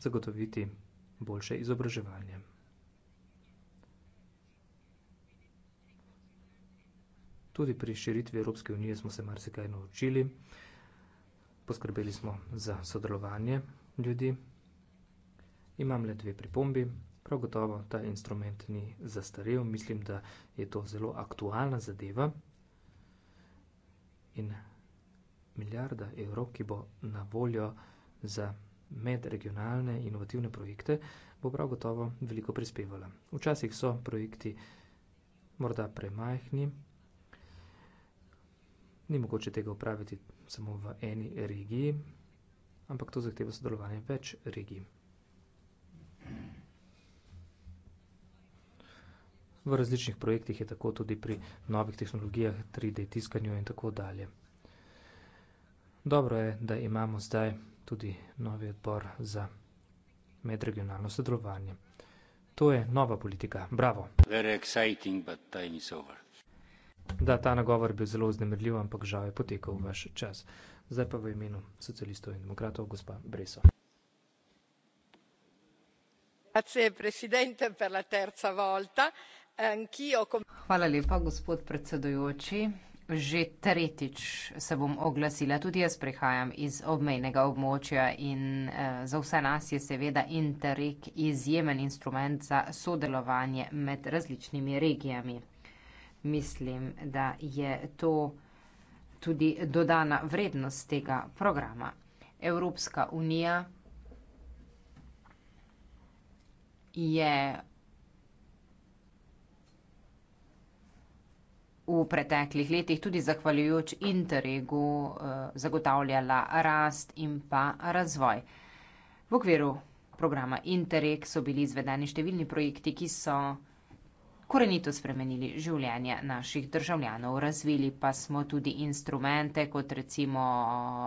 zagotoviti boljše izobraževanje. Tudi pri širitvi Evropske unije smo se marsikaj naučili, poskrbeli smo za sodelovanje ljudi. Imam le dve pripombi. Prav gotovo ta instrument ni zastarel, mislim, da je to zelo aktualna zadeva. In milijarda evrov, ki bo na voljo za medregionalne inovativne projekte, bo prav gotovo veliko prispevala. Včasih so projekti morda premajhni, ni mogoče tega upraviti samo v eni regiji, ampak to zahteva sodelovanje več regij. V različnih projektih je tako tudi pri novih tehnologijah 3D tiskanju in tako dalje. Dobro je, da imamo zdaj tudi novi odbor za medregionalno sodelovanje. To je nova politika. Bravo. Exciting, da, ta nagovor je bil zelo vznemirljiv, ampak žal je potekal vaš čas. Zdaj pa v imenu socialistov in demokratov, gospa Breso. Hvala lepa, gospod predsedujoči že tretjič se bom oglasila, tudi jaz prihajam iz obmejnega območja in eh, za vse nas je seveda Interreg izjemen instrument za sodelovanje med različnimi regijami. Mislim, da je to tudi dodana vrednost tega programa. Evropska unija je v preteklih letih tudi zahvaljujoč interregu eh, zagotavljala rast in pa razvoj. V okviru programa Interreg so bili izvedeni številni projekti, ki so korenito spremenili življenje naših državljanov. Razvili pa smo tudi instrumente, kot recimo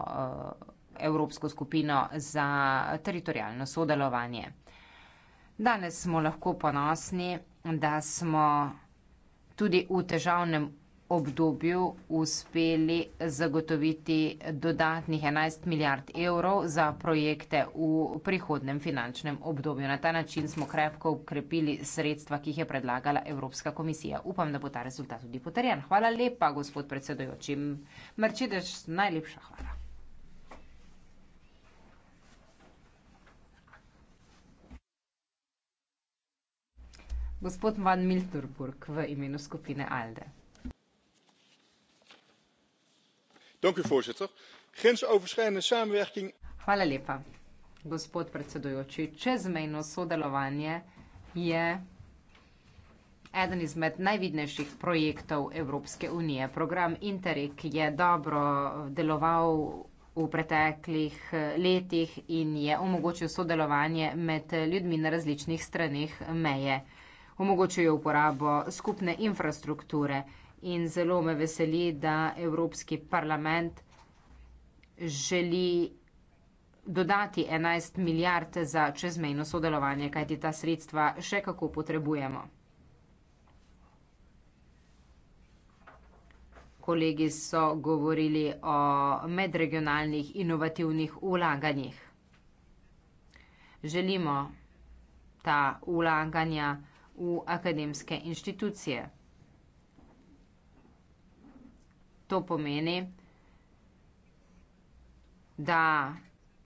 eh, Evropsko skupino za teritorijalno sodelovanje. Danes smo lahko ponosni, da smo tudi v težavnem obdobju uspeli zagotoviti dodatnih 11 milijard evrov za projekte v prihodnem finančnem obdobju. Na ta način smo krepko ukrepili sredstva, ki jih je predlagala Evropska komisija. Upam, da bo ta rezultat tudi potrjen. Hvala lepa, gospod predsedojočim. Mrčidež, najlepša hvala. Gospod Van Miltenburg v imenu skupine ALDE. Hvala lepa, gospod predsedujoči. Čezmejno sodelovanje je eden izmed najvidnejših projektov Evropske unije. Program Interreg je dobro deloval v preteklih letih in je omogočil sodelovanje med ljudmi na različnih straneh meje omogočajo uporabo skupne infrastrukture in zelo me veseli, da Evropski parlament želi dodati 11 milijard za čezmejno sodelovanje, kajti ta sredstva še kako potrebujemo. Kolegi so govorili o medregionalnih inovativnih vlaganjih. Želimo ta vlaganja v akademske inštitucije. To pomeni, da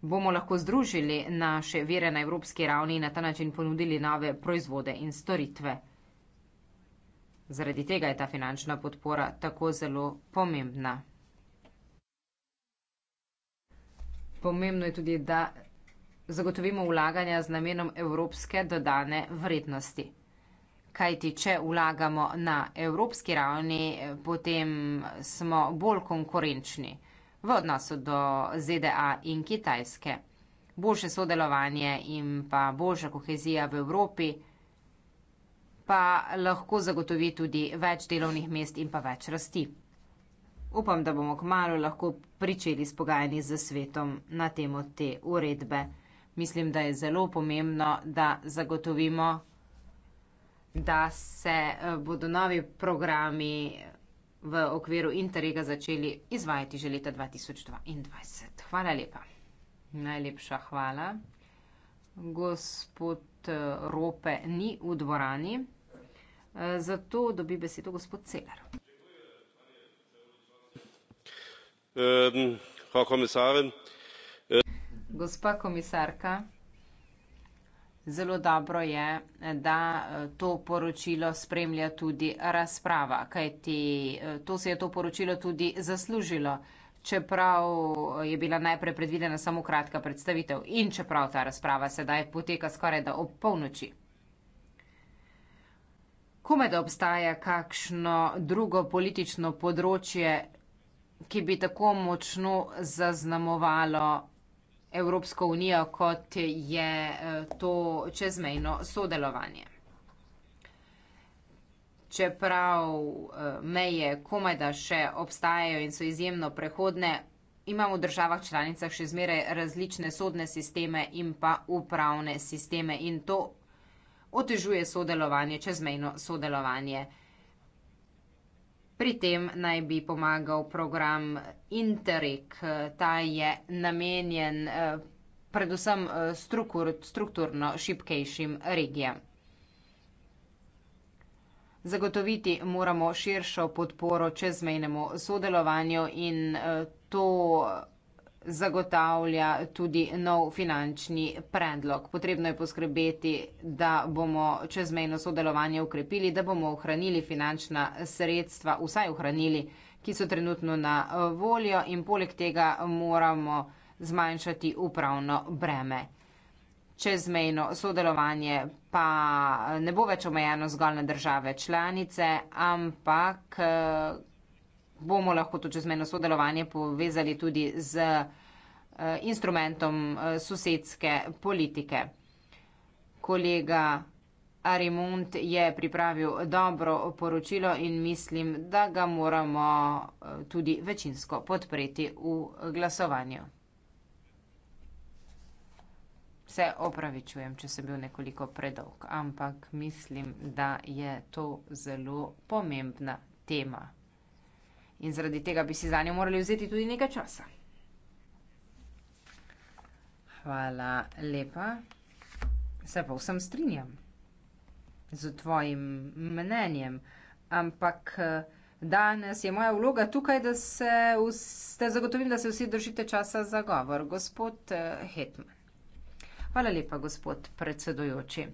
bomo lahko združili naše vire na evropski ravni in na ta način ponudili nove proizvode in storitve. Zaradi tega je ta finančna podpora tako zelo pomembna. Pomembno je tudi, da zagotovimo vlaganja z namenom evropske dodane vrednosti kajti če vlagamo na evropski ravni, potem smo bolj konkurenčni v odnosu do ZDA in Kitajske. Boljše sodelovanje in pa boljša kohezija v Evropi pa lahko zagotovi tudi več delovnih mest in pa več rasti. Upam, da bomo kmalo lahko pričeli s pogajanji z svetom na temo te uredbe. Mislim, da je zelo pomembno, da zagotovimo da se eh, bodo novi programi eh, v okviru Interrega začeli izvajati že leta 2022. Hvala lepa. Najlepša hvala. Gospod eh, Rope ni v dvorani, zato dobi besedo gospod Celer. Um, komisar. Gospa komisarka. Zelo dobro je, da eh, to poročilo spremlja tudi razprava, kajti eh, to se je to poročilo tudi zaslužilo, čeprav eh, je bila najprej predvidena samo kratka predstavitev in čeprav ta razprava sedaj poteka skoraj da ob polnoči. Komaj da obstaja kakšno drugo politično področje, ki bi tako močno zaznamovalo Evropsko unijo, kot je eh, to čezmejno sodelovanje. Čeprav eh, meje komaj da še obstajajo in so izjemno prehodne, imamo v državah članicah še zmeraj različne sodne sisteme in pa upravne sisteme in to otežuje sodelovanje, čezmejno sodelovanje. Pri tem naj bi pomagal program Interreg, ta je namenjen eh, predvsem eh, strukur, strukturno šipkejšim regijam. Zagotoviti moramo širšo podporo čezmejnemu sodelovanju in eh, to zagotavlja tudi nov finančni predlog. Potrebno je poskrbeti, da bomo čezmejno sodelovanje ukrepili, da bomo ohranili finančna sredstva, vsaj ohranili, ki so trenutno na voljo in poleg tega moramo zmanjšati upravno breme. Čezmejno sodelovanje pa ne bo več omejeno zgolj na države članice, ampak bomo lahko to čezmejno sodelovanje povezali tudi z eh, instrumentom eh, sosedske politike. Kolega Arimund je pripravil dobro poročilo in mislim, da ga moramo eh, tudi večinsko podpreti v glasovanju. Se opravičujem, če sem bil nekoliko predolg, ampak mislim, da je to zelo pomembna tema in zaradi tega bi si za njo morali vzeti tudi nekaj časa. Hvala lepa. Se pa vsem strinjam z tvojim mnenjem, ampak danes je moja vloga tukaj, da se vste zagotovim, da se vsi držite časa za govor. Gospod Hetman. Hvala lepa, gospod predsedujoči.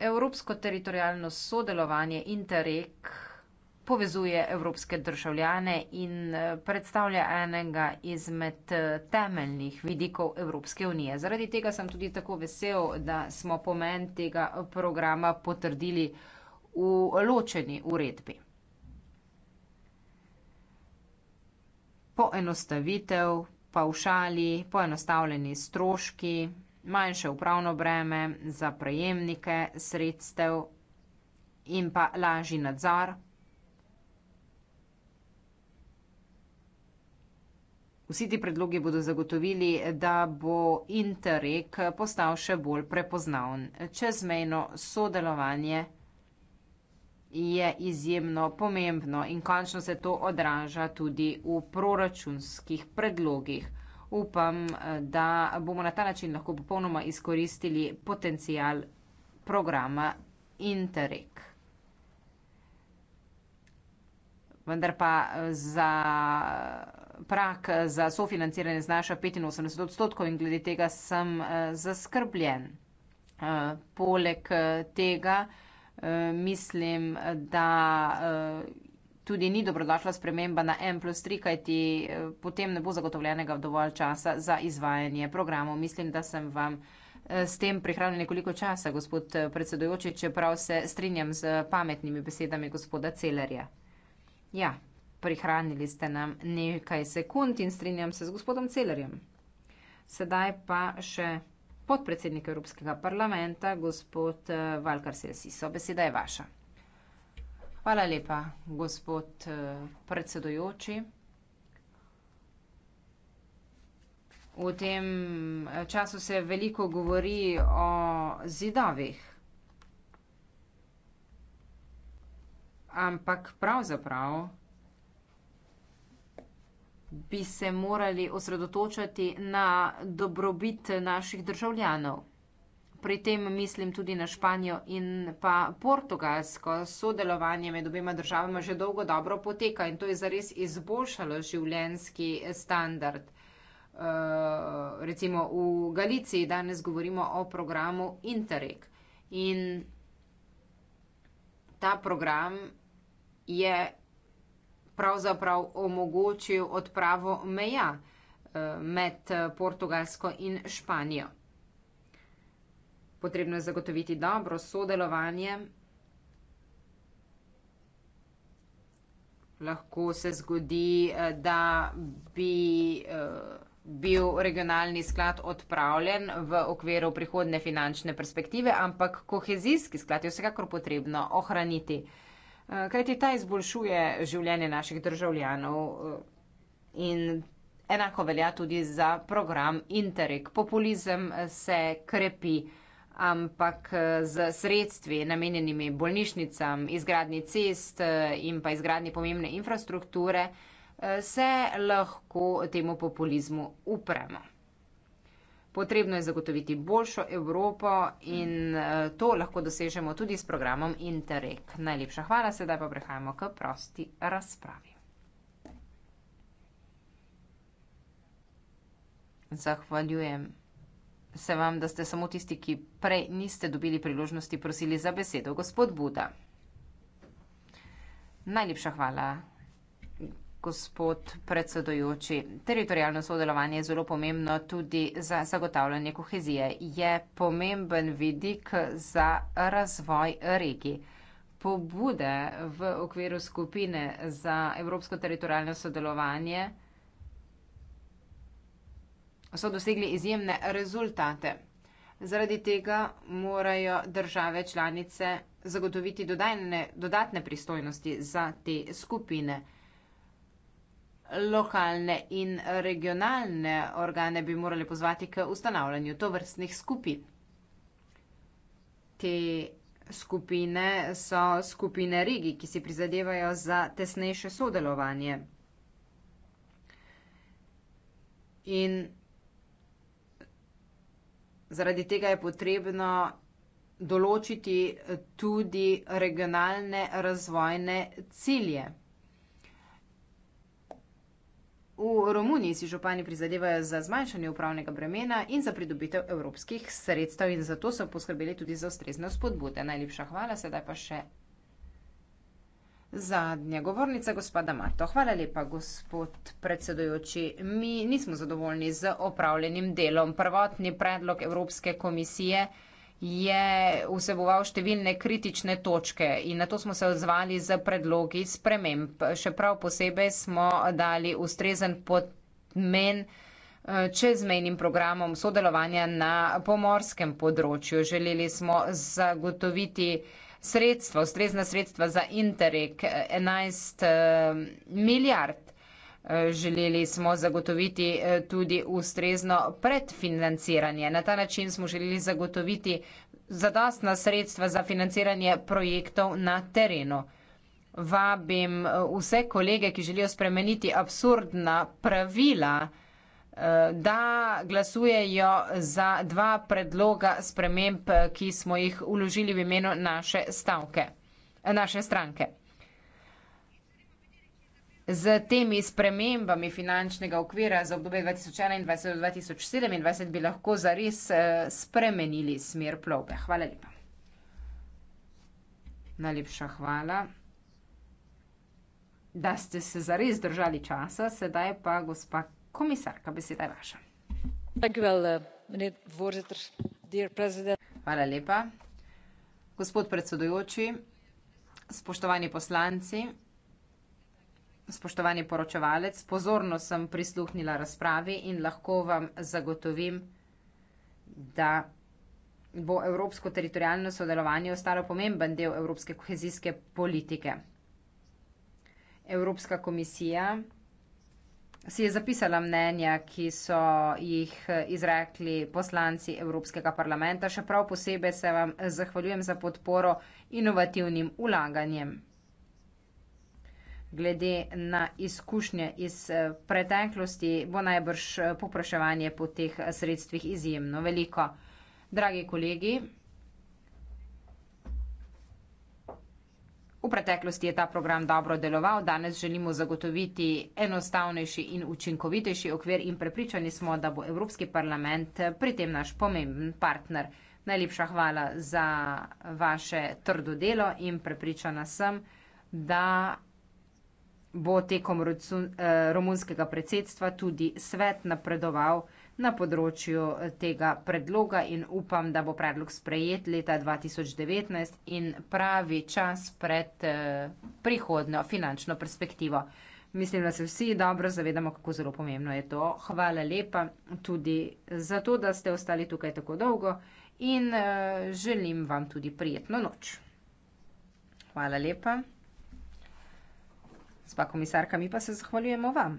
Evropsko teritorijalno sodelovanje Interreg povezuje evropske državljane in eh, predstavlja enega izmed eh, temeljnih vidikov Evropske unije. Zaradi tega sem tudi tako vesel, da smo pomen tega programa potrdili v ločeni uredbi. Poenostavitev, paušali, poenostavljeni stroški, manjše upravno breme za prejemnike sredstev in pa lažji nadzor Vsi ti predlogi bodo zagotovili, da bo Interreg postal še bolj prepoznavn. Čezmejno sodelovanje je izjemno pomembno in končno se to odraža tudi v proračunskih predlogih. Upam, da bomo na ta način lahko popolnoma izkoristili potencijal programa Interreg. Vendar pa za prak za sofinanciranje znaša 85 odstotkov in glede tega sem eh, zaskrbljen. Eh, poleg eh, tega mislim, da tudi ni dobrodošla sprememba na M plus 3, kajti potem ne bo zagotovljenega dovolj časa za izvajanje programov. Mislim, da sem vam s tem prihranil nekoliko časa, gospod predsedojoči, čeprav se strinjam z pametnimi besedami gospoda Celerja. Ja prihranili ste nam nekaj sekund in strinjam se z gospodom Celerjem. Sedaj pa še podpredsednik Evropskega parlamenta, gospod eh, Valkar Selsiso. Beseda je vaša. Hvala lepa, gospod eh, predsedojoči. V tem eh, času se veliko govori o zidovih. Ampak pravzaprav bi se morali osredotočati na dobrobit naših državljanov. Pri tem mislim tudi na Španijo in pa Portugalsko. Sodelovanje med obema državama že dolgo dobro poteka in to je zares izboljšalo življenski standard. Eh, recimo v Galiciji danes govorimo o programu Interreg in ta program je pravzaprav omogočil odpravo meja eh, med eh, Portugalsko in Španijo. Potrebno je zagotoviti dobro sodelovanje. Lahko se zgodi, eh, da bi bil regionalni sklad odpravljen v okviru prihodne finančne perspektive, ampak kohezijski sklad je vsekakor potrebno ohraniti kajti ta izboljšuje življenje naših državljanov eh, in enako velja tudi za program Interreg. Populizem eh, se krepi, ampak eh, z sredstvi namenjenimi bolnišnicam, izgradni cest in pa izgradni pomembne infrastrukture se lahko temu populizmu upremo. Potrebno je zagotoviti boljšo Evropo in eh, to lahko dosežemo tudi s programom Interreg. Najlepša hvala, sedaj pa prehajamo k prosti razpravi. Zahvaljujem se vam, da ste samo tisti, ki prej niste dobili priložnosti, prosili za besedo. Gospod Buda. Najlepša hvala gospod predsedojoči. Teritorijalno sodelovanje je zelo pomembno tudi za zagotavljanje kohezije. Je pomemben vidik za razvoj regij. Pobude v okviru skupine za evropsko teritorijalno sodelovanje so dosegli izjemne rezultate. Zaradi tega morajo države članice zagotoviti dodatne pristojnosti za te skupine lokalne in regionalne organe bi morali pozvati k ustanavljanju tovrstnih skupin. Te skupine so skupine regij, ki si prizadevajo za tesnejše sodelovanje. In zaradi tega je potrebno določiti tudi regionalne razvojne cilje. V Romuniji si župani prizadevajo za zmanjšanje upravnega bremena in za pridobitev evropskih sredstev in zato so poskrbeli tudi za ustrezne spodbude. Najlepša hvala, sedaj pa še zadnja govornica, gospoda Marto. Hvala lepa, gospod predsedujoči. Mi nismo zadovoljni z opravljenim delom. Prvotni predlog Evropske komisije je vseboval številne kritične točke in na to smo se odzvali z predlogi sprememb. Še prav posebej smo dali ustrezen podmen eh, čezmejnim programom sodelovanja na pomorskem področju. Želeli smo zagotoviti sredstva, ustrezna sredstva za Interreg 11 eh, milijard Eh, želeli smo zagotoviti eh, tudi ustrezno predfinanciranje. Na ta način smo želeli zagotoviti zadostna sredstva za financiranje projektov na terenu. Vabim eh, vse kolege, ki želijo spremeniti absurdna pravila, da glasujejo za dva predloga sprememb, ki smo jih uložili v imenu naše, stavke, naše stranke z temi spremembami finančnega okvira za obdobje 2021-2027 bi lahko zares eh, spremenili smer plovbe. Hvala lepa. Najlepša hvala, da ste se zares držali časa. Sedaj pa gospa komisarka, beseda je vaša. Eh, hvala lepa. Gospod predsedujoči, spoštovani poslanci, spoštovani poročevalec, pozorno sem prisluhnila razpravi in lahko vam zagotovim, da bo evropsko teritorijalno sodelovanje ostalo pomemben del evropske kohezijske politike. Evropska komisija si je zapisala mnenja, ki so jih izrekli poslanci Evropskega parlamenta. Še prav posebej se vam zahvaljujem za podporo inovativnim ulaganjem glede na izkušnje iz eh, preteklosti, bo najbrž eh, popraševanje po teh eh, sredstvih izjemno veliko. Dragi kolegi, v preteklosti je ta program dobro deloval, danes želimo zagotoviti enostavnejši in učinkovitejši okvir in prepričani smo, da bo Evropski parlament pri tem naš pomemben partner. Najlepša hvala za vaše trdo delo in prepričana sem, da bo tekom rocun, eh, romunskega predsedstva tudi svet napredoval na področju eh, tega predloga in upam, da bo predlog sprejet leta 2019 in pravi čas pred eh, prihodno finančno perspektivo. Mislim, da se vsi dobro zavedamo, kako zelo pomembno je to. Hvala lepa tudi za to, da ste ostali tukaj tako dolgo in eh, želim vam tudi prijetno noč. Hvala lepa. Gospa komisarka, mi pa se zahvaljujemo vam,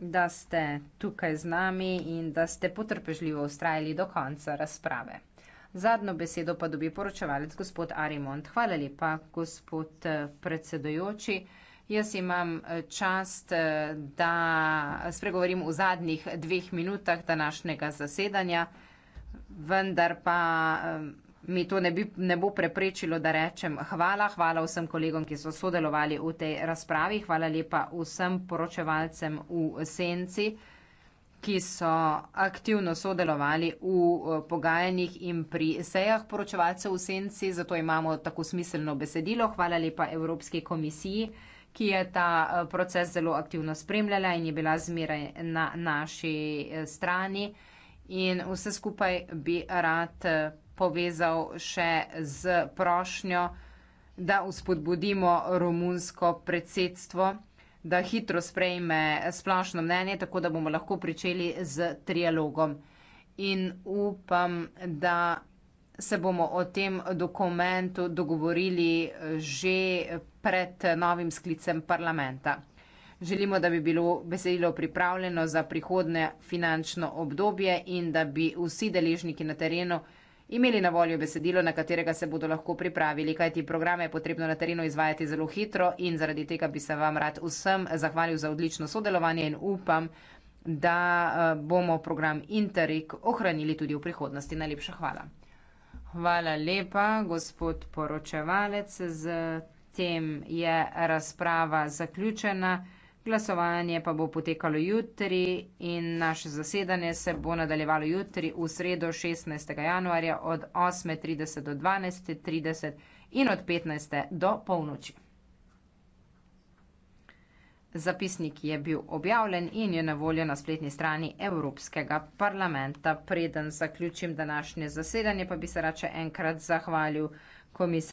da ste tukaj z nami in da ste potrpežljivo ustrajali do konca razprave. Zadnjo besedo pa dobi poročevalec gospod Arimond. Hvala lepa, gospod predsedojoči. Jaz imam čast, da spregovorim v zadnjih dveh minutah današnjega zasedanja, vendar pa mi to ne, bi, ne bo preprečilo, da rečem hvala. Hvala vsem kolegom, ki so sodelovali v tej razpravi. Hvala lepa vsem poročevalcem v Senci, ki so aktivno sodelovali v eh, pogajanjih in pri sejah poročevalcev v Senci. Zato imamo tako smiselno besedilo. Hvala lepa Evropski komisiji ki je ta eh, proces zelo aktivno spremljala in je bila zmeraj na naši eh, strani. In vse skupaj bi rad povezal še z prošnjo, da uspodbudimo romunsko predsedstvo, da hitro sprejme splošno mnenje, tako da bomo lahko pričeli z trialogom. In upam, da se bomo o tem dokumentu dogovorili že pred novim sklicem parlamenta. Želimo, da bi bilo besedilo pripravljeno za prihodne finančno obdobje in da bi vsi deležniki na terenu imeli na voljo besedilo, na katerega se bodo lahko pripravili, kajti programe je potrebno na terenu izvajati zelo hitro in zaradi tega bi se vam rad vsem zahvalil za odlično sodelovanje in upam, da eh, bomo program Interreg ohranili tudi v prihodnosti. Najlepša hvala. Hvala lepa, gospod poročevalec. Z tem je razprava zaključena. Glasovanje pa bo potekalo jutri in naše zasedanje se bo nadaljevalo jutri v sredo 16. januarja od 8.30 do 12.30 in od 15. do polnoči. Zapisnik je bil objavljen in je na voljo na spletni strani Evropskega parlamenta. Preden zaključim današnje zasedanje, pa bi se rače enkrat zahvalil komisarju.